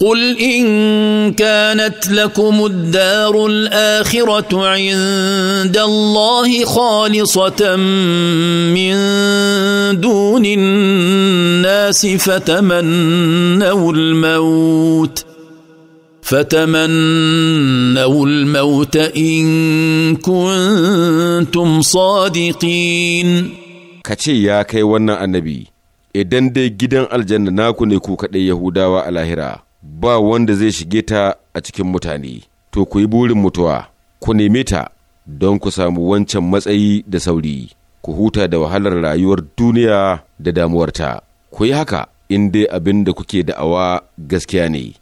قل ان كانت لكم الدار الاخره عند الله خالصه من دون الناس فتمنوا الموت فتمنوا الموت ان كنتم صادقين كتي يا كي ونا النبي ادن دي جدا الجنه ناكو نيكو ku يهودا yahudawa ba wanda zai shige ta a cikin mutane to ku yi burin mutuwa ku neme ta don ku samu wancan matsayi da sauri ku huta da wahalar rayuwar duniya da damuwarta ku yi haka in dai abin da kuke da'awa gaskiya ne